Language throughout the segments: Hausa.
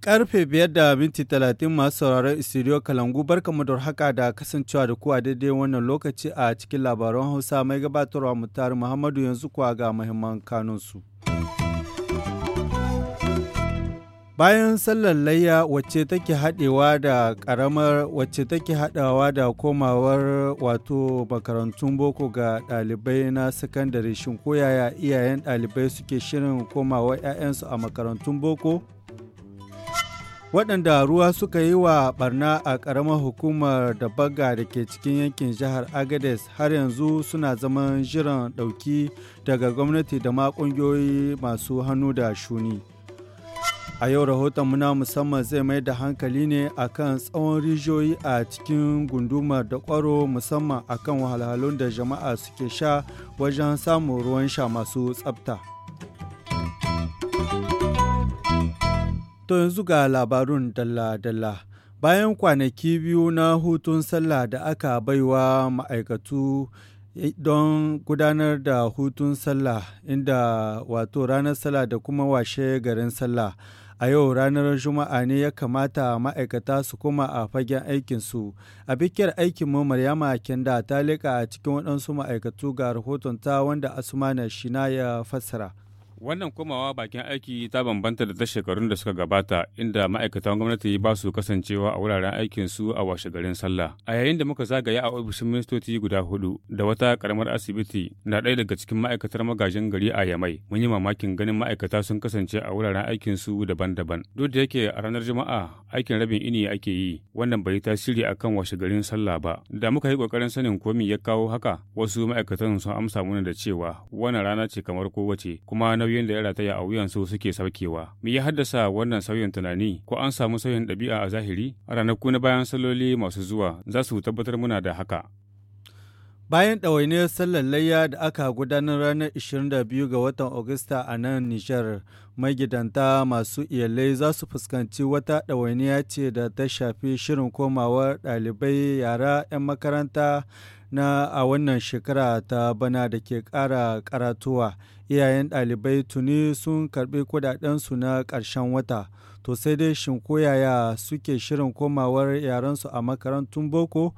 Karfe biyar da minti talatin masu sauraron studio Kalangu barkamu da haka da kasancewa da ku a daidai wannan lokaci a cikin labaran Hausa mai gabatarwa mutar Muhammadu yanzu kuwa ga muhimman kanunsu. bayan sallar layya wacce take haɗewa da ƙaramar wacce take haɗawa da komawar wato makarantun boko ga ɗalibai na sakandare shin koyaya iyayen ɗalibai suke shirin komawa 'ya'yansu a makarantun boko waɗanda ruwa suka yi wa barna a ƙaramar hukumar da baga da ke cikin yankin jihar agades har yanzu suna zaman jiran ɗauki daga gwamnati da ma ƙungiyoyi masu hannu da shuni. A yau rahoton muna musamman zai mai da hankali ne akan tsawon rijiyoyi a cikin gundumar da kwaro musamman akan wahalhalun da jama'a suke sha wajen samun ruwan sha masu tsabta. To yanzu ga labarun dalla-dalla. Bayan kwanaki biyu na hutun sallah da aka baiwa ma'aikatu Eh, don gudanar da hutun sallah inda wato ranar sallah da kuma washe garin sallah a yau ranar juma'a ne ya kamata ma'aikata su kuma a fagen aikinsu a bikiyar aikinmu maryama kenda ta leka a cikin waɗansu ma'aikatu ga rahoton ta wanda asumana shina ya fassara Wannan komawa bakin aiki ta bambanta da ta shekarun da suka gabata inda ma'aikatan gwamnati ba su kasancewa a wuraren aikinsu a washe garin sallah. A yayin da muka zagaya a ofishin ministoci guda hudu da wata karamar asibiti na ɗaya daga cikin ma'aikatar magajin gari a Yamai, mun yi mamakin ganin ma'aikata sun kasance a wuraren aikin su daban-daban. Duk da yake a ranar Juma'a aikin rabin ini ake yi, wannan bai tasiri akan washe garin sallah ba. Da muka yi kokarin sanin komi ya kawo haka, wasu ma'aikatan sun amsa mana da cewa wannan rana ce kamar kowace kuma na sauyin da ya rataya a wuyansu suke saukewa. Me ya haddasa wannan sauyin tunani ko an samu sauyin ɗabi'a a zahiri? A ranaku na bayan saloli masu zuwa za su tabbatar muna da haka. Bayan ɗawainiyar sallar layya da aka gudanar ranar 22 ga watan Agusta a nan Nijar, magidanta masu iyalai za su fuskanci wata ɗawainiya ce da ta shafi shirin komawar ɗalibai yara 'yan makaranta na a wannan shekara ta bana da ke ƙara karatuwa iyayen ɗalibai tuni sun karɓi kudadensu na ƙarshen wata to sai dai shin yaya suke shirin komawar yarensu a makarantun boko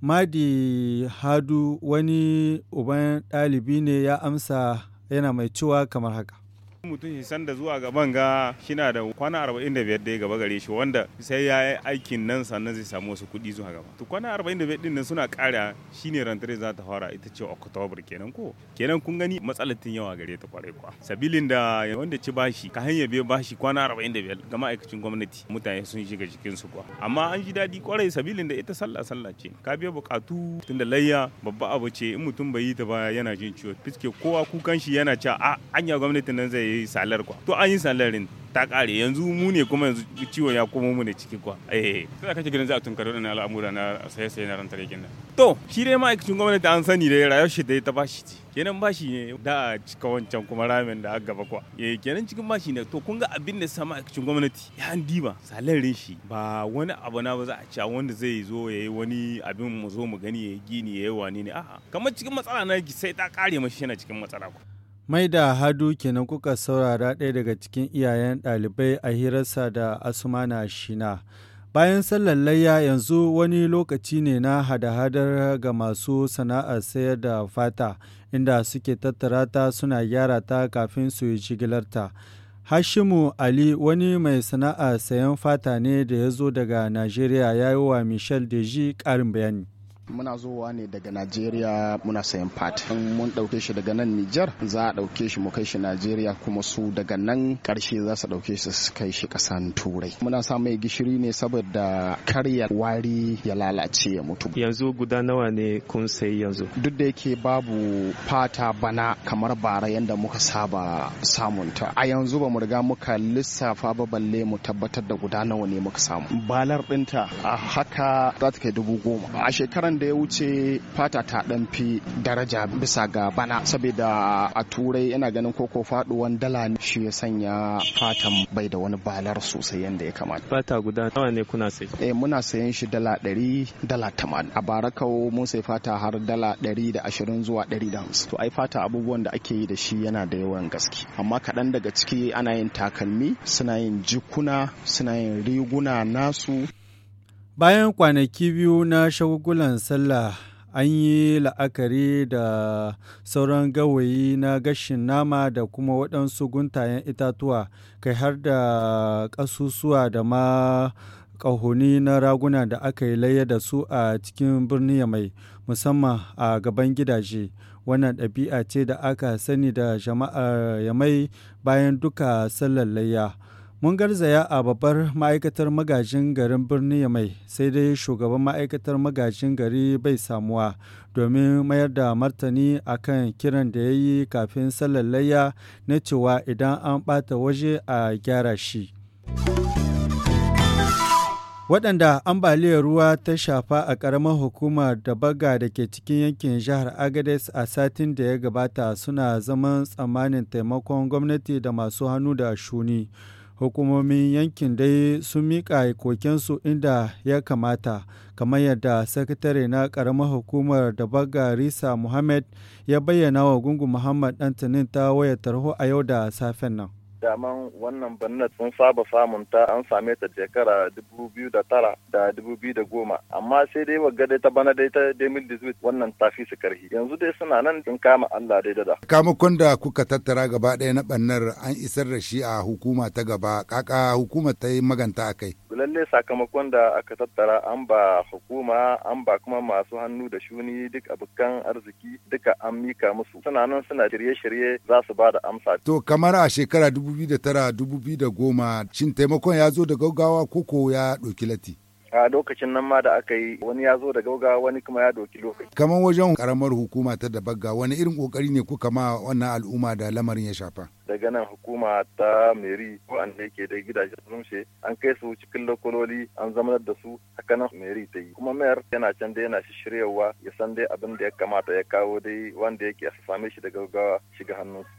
madi hadu wani uban ɗalibi ne ya amsa yana mai cewa kamar haka mutum shi sanda zuwa gaban ga shina da kwana arba'in da biyar dai gaba gare shi wanda sai ya yi aikin nan sannan zai samu wasu kuɗi zuwa gaba to kwana arba'in da biyar din nan suna ƙara ne rantare za ta fara ita ce oktobar kenan ko kenan kun gani matsalar tun yawa gare ta kwarai kuwa. sabilin da wanda ci bashi ka hanya biyu bashi kwana arba'in da biyar ga ma'aikacin gwamnati mutane sun shiga cikin su kuwa amma an ji daɗi kwarai sabilin da ita sallah sallah ce ka biya buƙatu tun da layya babba abu ce in mutum bai yi ta ba yana jin ciwo fiske kowa kukan shi yana cewa a anya gwamnatin nan zai salar kwa to an yi salarin ta kare yanzu mu ne kuma yanzu ciwon ya komo mu ne ciki kwa eh sai kake gidan za a tunkari wannan al'amura na sai sai na rantar kin to shi dai ma'aikacin gwamnati an sani da rayuwar shi dai ta bashi ci kenan bashi ne da a cika wancan kuma ramen da aka gaba kwa eh kenan cikin bashi ne to kun ga abin da sa ma'aikacin gwamnati ya an diba salarin shi ba wani abu na ba za a ci wanda zai zo ya yi wani abin mu zo mu gani ya yi gini ya yi wani ne a'a kamar cikin matsala na sai ta kare mashi yana cikin matsala kwa Mai da Hadu kenan kuka saurara ɗaya daga cikin iyayen ɗalibai a hirarsa da Asumana Shina. Bayan sallar layya yanzu wani lokaci ne na hada-hadar ga masu sana'ar sayar da fata, inda suke tattara ta suna gyara ta kafin su yi jigilarta. Hashimu Ali wani mai sana'ar sayan fata ne da ya zo daga Najeriya ya yi wa Michel Deji ƙarin bayani. muna zowa ne daga najeriya muna sayan fat mun ɗauke shi daga nan nijar za a ɗauke shi mu kai shi najeriya kuma su daga nan ƙarshe za su ɗauke shi su kai shi ƙasan turai muna sa mai gishiri ne saboda karya wari ya lalace ya mutu yanzu guda nawa ne kun sayi yanzu duk da yake babu fata bana kamar bara yadda muka saba samunta a yanzu ba mu riga muka lissafa ba balle mu tabbatar da guda nawa ne muka samu balar ɗinta a haka za ta kai dubu goma a shekarar shekaran da ya wuce fata ta dan fi daraja bisa ga bana saboda a turai yana ganin koko faduwan dala ne. shi ya sanya fatan bai da wani balar sosai yadda ya kamata fata guda nawa ne kuna sai eh muna sayan shi dala 100 dala 80 a barakau mun sai fata har dala da ashirin zuwa 150 to ai fata abubuwan da ake yi da shi yana da yawan gaske amma kaɗan daga ciki ana yin takalmi suna yin jikuna suna yin riguna nasu Bayan kwanaki biyu na shagugulan sallah an yi la'akari da sauran gawayi na gashin nama da kuma waɗansu guntayen itatuwa kai har da ƙasusuwa da ma ƙahoni na raguna da aka yi laye da su a cikin birni mai musamman a gaban gidaje wannan ɗabi'a ce da aka sani da jama'ar yamai bayan duka sallar layya. Mun garzaya a babbar ma'aikatar magajin garin birni mai sai dai shugaban ma'aikatar magajin gari bai samuwa domin mayar da martani a kan kiran da ya yi kafin sallar layya na cewa idan an ɓata waje a gyara shi. waɗanda ambaliyar ruwa ta shafa a ƙaramar hukumar da baga da ke cikin yankin jihar agades a satin da ya gabata suna zaman tsammanin taimakon gwamnati da masu hannu da shuni. hukumomin yankin dai sun miƙa kokensu inda ya kamata kamar yadda sakatare na ƙaramar hukumar da baga risa muhammad ya bayyana wa gungun muhammad dantanin ta waya tarho a yau da safen nan daman wannan bannat sun saba samun ta an same ta shekara dubu da tara da dubu goma amma sai dai wagga dai ta bana dai ta demil wannan wannan tafi su karhi yanzu dai suna nan sun kama allah dai dada. kamakon da kuka tattara gaba ɗaya na bannar an isar da shi a hukuma ta gaba kaka hukuma ta yi maganta a kai. lalle sakamakon da aka tattara an ba hukuma an ba kuma masu hannu da shuni duk abokan arziki duka an mika musu suna nan suna shirye-shirye za su ba da amsa. to kamar a shekara dubu 2009-2010 shin taimakon ya zo da gaugawa koko ya ɗauki lati? a lokacin nan ma da aka yi wani ya zo da gaugawa wani kuma ya ɗauki lokaci. Kamar wajen karamar hukuma ta da bagga wani irin kokari ne kuka ma wannan al'umma da lamarin ya shafa. Daga nan hukuma ta meri wanda yake da gidajen rumshe an kai su cikin lokololi an zamanar da su haka nan meri ta yi. Kuma mayar yana can da yana shiryawa ya san dai abin da ya kamata ya kawo dai wanda yake a same shi da gaugawa shiga hannunsu.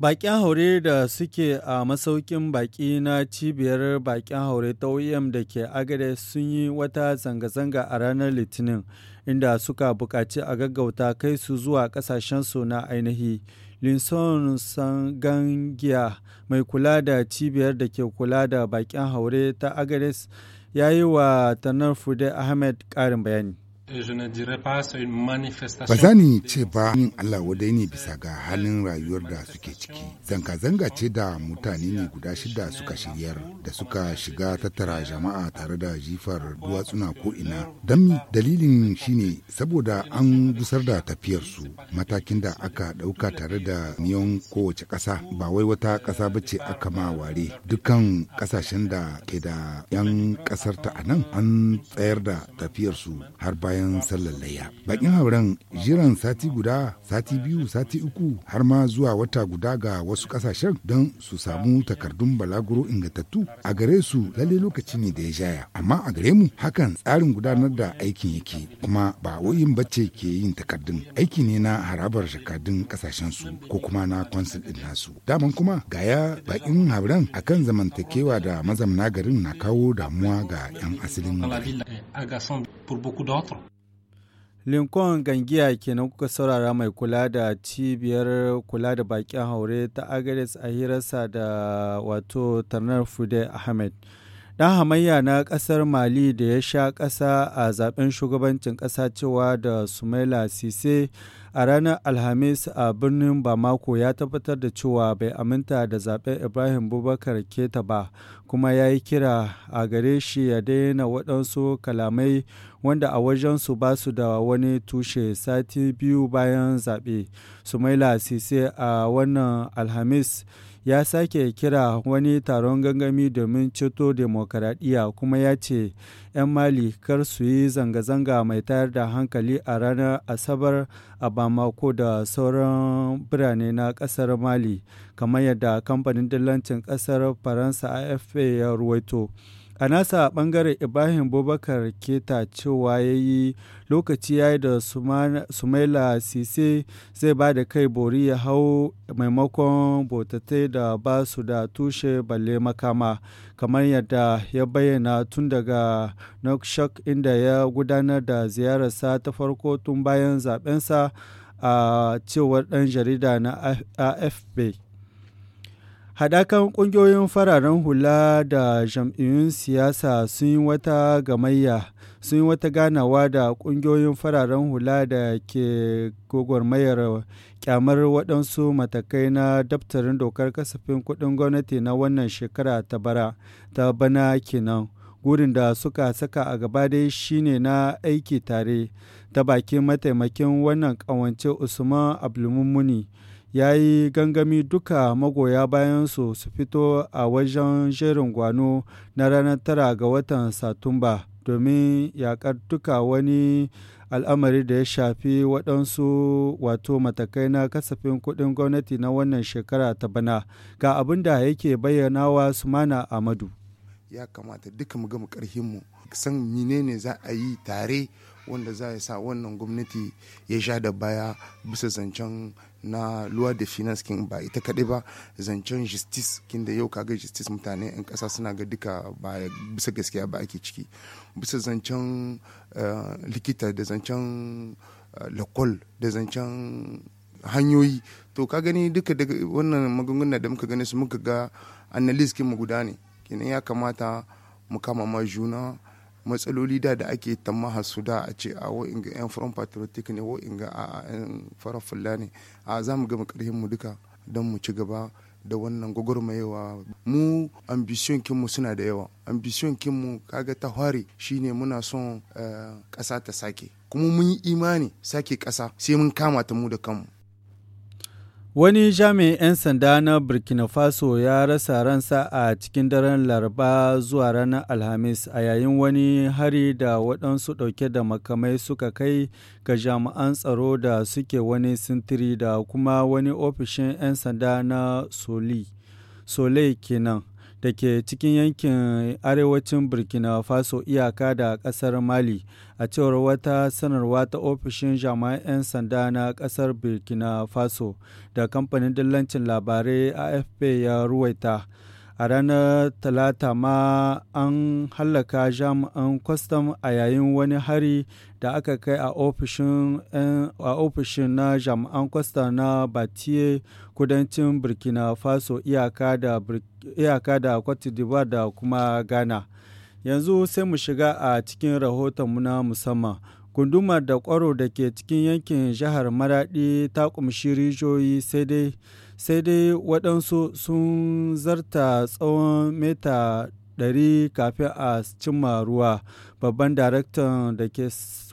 Bakin haure da suke a masaukin baki na cibiyar bakin haure ta OEM da ke Agares sun yi wata zanga-zanga a ranar Litinin, inda suka buƙaci a gaggauta kai su zuwa ƙasashensu na ainihi. Linson Sangangia mai kula da cibiyar da ke kula da bakin haure ta Agares, ya yi wa Tanar Fude Ahmed ƙarin bayani. Ba za ni ce ba yin Allah wadai ne bisa ga halin rayuwar da suke ciki. Zanga-zanga ce da mutane ne guda shida suka shiryar da suka shiga tattara jama'a tare da jifar duwatsuna ko'ina. ina. Don dalilin shine saboda an gusar da tafiyarsu matakin da aka ɗauka tare da niyon kowace ƙasa ba wai wata ƙasa ba ce aka ma ware. Dukkan ƙasashen da ke da 'yan ƙasarta a nan an tsayar da tafiyarsu har baya bayan sallar layya. Bakin hauren jiran sati guda, sati biyu, sati uku har ma zuwa wata guda ga wasu kasashen don su samu takardun balaguro ingantattu a gare su lalle lokaci ne da ya jaya. Amma a gare mu hakan tsarin gudanar da aikin yake kuma ba wayin bacce ke yin takardun aiki ne na harabar jakadun kasashen su ko kuma na consul din nasu. Daman kuma gaya bakin hauren akan zamantakewa da mazamna garin na kawo damuwa ga 'yan asalin pour beaucoup d'autres. Lincoln Gangiya kenan kuka saurara mai kula da cibiyar kula da bakin haure ta Agares a hirarsa da wato Tarnar Fude Ahmed. Dan hamayya na kasar Mali da ya sha kasa a zaben shugabancin ƙasa cewa da Sumaila Sise a ranar alhamis a birnin bamako ya tabbatar da cewa bai aminta da zaben ibrahim bubakar keta ba kuma ya yi kira a gare shi ya daina waɗansu kalamai wanda a wajensu ba su da wani tushe sati biyu bayan zaɓe sumaila sise a wannan alhamis ya sake kira wani taron gangami domin ceto demokaradiyya kuma ya ce 'yan mali kar su yi zanga-zanga mai tayar da hankali a ranar asabar a ko da sauran birane na kasar Mali, kamar yadda kamfanin dillancin kasar Faransa afa ya ruwaito. a nasa bangaren ibrahim bubakar keta cewa ya yi lokaci ya da sumaila sise zai ba da kai bori ya hau maimakon botatai da ba su da tushe balle makama kamar yadda ya bayyana tun daga nokshak inda ya gudanar da ziyararsa ta farko tun bayan zabensa a cewar dan jarida na afp Haɗakan ƙungiyoyin fararen hula da jam'iyyun siyasa sun yi wata gamayya sun yi wata ganawa da ƙungiyoyin fararen hula da ke gwagwarmayar kyamar waɗansu matakai na daftarin dokar kasafin kuɗin gwamnati na wannan shekara ta bara ta bana kenan. Gurin da suka saka a gaba dai shine na aiki tare ta bakin mataimakin wannan ƙawance Usman Abdulmumuni. ya yi gangami duka magoya bayansu su fito a wajen jerin gwano na ranar tara ga watan satumba domin yakar duka wani al'amari da ya shafi waɗansu wato matakai na kasafin kuɗin gwamnati na wannan shekara ta bana ga abin da yake bayyanawa sumana amadu ya kamata duka mu gama mu san menene za a yi tare wanda za ya sa wannan gwamnati ya sha da baya bisa zancen na luwa da finance kin ba ita kaɗai ba zancen justice kin da yau kaga justice mutane 'yan ƙasa suna ga duka ba bisa gaskiya ba ake ciki bisa zancen eh, likita da zancen eh, lakol da zancen hanyoyi to ka gani duka daga wannan magunguna da muka gani su muka ga analyst kin mu guda ne kenan ya kamata mu kama ma juna matsaloli da da ake ta su da a ce a ga 'yan from patriotic ne ga a 'yan farar ne a za mu gama karhin mu duka don mu ci gaba da wannan gwagwarmayewa mu ambition kinmu suna da yawa ambition kinmu kaga ta hware shine muna son eh, ƙasa ta sake kuma mun yi imani sake ƙasa sai mun kama ta mu da kanmu Wani jami'in 'yan sanda na Burkina Faso ya rasa ransa a cikin daren Laraba zuwa ranar Alhamis a yayin wani hari da waɗansu ɗauke da makamai suka kai ga jami'an tsaro da suke wani sintiri da kuma wani ofishin 'yan sanda na Soli. Sole kenan. da ke cikin yankin arewacin burkina faso iyaka da kasar mali a cewar wata sanarwa ta ofishin jami'an 'yan sanda na kasar burkina faso da kamfanin dillancin labarai afp ya ruwaita a ranar talata ma an hallaka jami'an kwastam a yayin wani hari da aka kai a ofishin eh, na jami'an kwastam na batie kudancin burkina faso iyaka da cote d'ivoire da kuma ghana yanzu sai mu shiga a cikin rahotonmu na musamman gundumar da kwaro da ke cikin yankin jihar maradi ta kumshi rijiyoyi sai dai sai dai waɗansu sun zarta tsawon mita 100 kafin a cimma ruwa babban daraktan da ke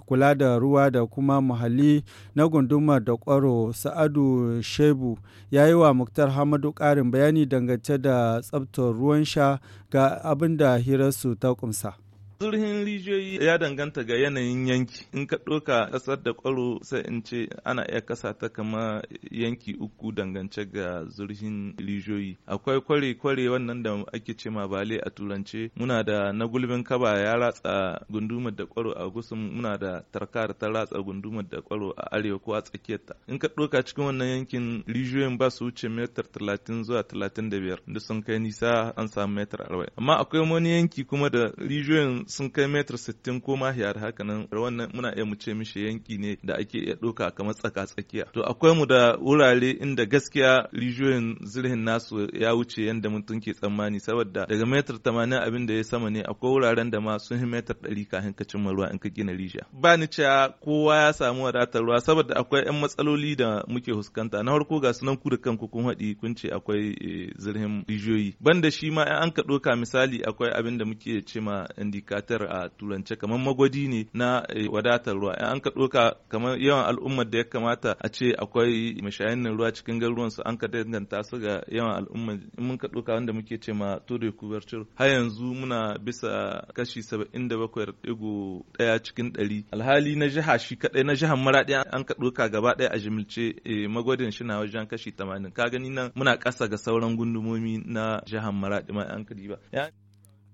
kula da ruwa da kuma muhalli na gundumar da kwaro sa'adu shebu ya yi wa muktar hamadu ƙarin bayani dangance da tsabtar ruwan sha ga abin da hirarsu ta kumsa zurhin rijiyoyi ya danganta ga yanayin yanki in ka ɗoka ƙasar da ƙwaro sai in ce ana iya kasa ta kama yanki uku dangance ga zurhin rijiyoyi akwai kware-kware wannan da ake ce ma bale a turance muna da na gulbin kaba ya ratsa gundumar da ƙwaro a gusun muna da tarkar ta ratsa gundumar da ƙwaro a arewa ko a tsakiyarta in ka cikin wannan yankin rijiyoyin ba su wuce metar talatin zuwa talatin da biyar da sun kai nisa an samu metar arba'in amma akwai wani yanki kuma da rijiyoyin sun kai metar sittin ko mahiyar haka nan wannan muna iya mu ce mishi yanki ne da ake iya ɗauka kamar tsaka tsakiya to akwai mu da wurare inda gaskiya rijiyoyin zirhin nasu ya wuce yadda mutum ke tsammani saboda daga metar tamanin abin da ya sama ne akwai wuraren da ma sun yi metar ɗari kafin ka cimma ruwa in ka gina rijiya ba ni cewa ah, kowa ya samu wadatar ruwa saboda akwai 'yan matsaloli da muke huskanta na farko ga sunan ku da kanku kun haɗi kun ce akwai eh, zirhin rijiyoyi banda shi ma an ka ɗauka misali akwai abin da muke ce ma indika wadatar a turance kamar magwaji ne na e, wadatar ruwa an ka ɗauka kamar yawan al'ummar da ya kamata a ce akwai mashayannin ruwa cikin garuruwan su an ka danganta su ga yawan al'ummar in mun ka ɗauka wanda muke ce ma tudu kubarcir har yanzu muna bisa kashi saba'in da bakwai ɗigo ɗaya cikin ɗari alhali na jiha shi kaɗai na jihar maraɗi an ka ɗauka gaba ɗaya a jimilce e, magwadin shi na wajen kashi tamanin ka gani nan muna ƙasa ga sauran gundumomi na jihar maraɗi ma an ka ba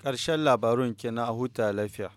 Ƙarshen labarun kenan na huta lafiya.